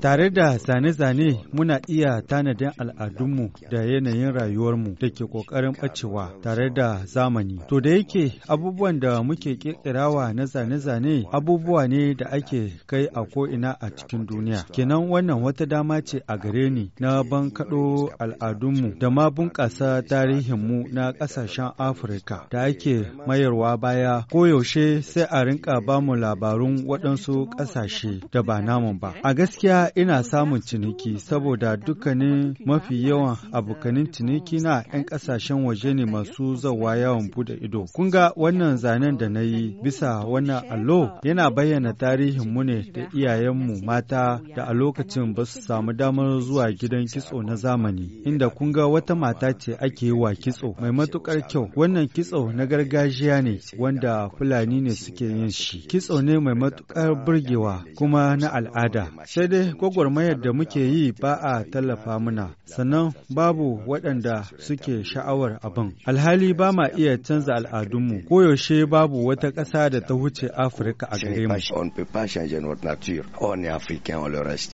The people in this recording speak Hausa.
Tare da zane-zane muna iya tanadin al'adunmu da yanayin rayuwarmu da ke ƙoƙarin ɓacewa tare da zamani. To da yake abubuwan da muke ƙirƙirawa na zane-zane abubuwa ne da ake kai a ko'ina a cikin duniya. Kenan wannan wata dama ce a gare ni na ban kaɗo al'adunmu da ma bunƙasa tarihinmu na ƙasashen Afirka da ake mayarwa baya koyaushe sai a rinka bamu labarun waɗansu ƙasashe. shi da ba namun ba. A gaskiya ina samun ciniki saboda dukkanin mafi yawan abokanin ciniki na 'yan kasashen waje ne masu zawa yawan bude ido. Kun ga wannan zanen da na yi bisa wannan allo yana bayyana tarihin mu ne da iyayenmu mata da a lokacin ba su samu damar zuwa gidan kitso na zamani inda kun ga wata mata ce ake yi wa kitso mai matukar kyau wannan kitso na gargajiya ne wanda fulani ne suke yin shi kitso ne mai matukar burgewa kuma na al'ada. Sai dai gwagwarmayar da muke yi ba a tallafa muna, sannan babu waɗanda suke sha'awar abin. Alhali ba ma iya canza al'adunmu, koyaushe babu wata ƙasa da ta wuce Afirka a gare mu.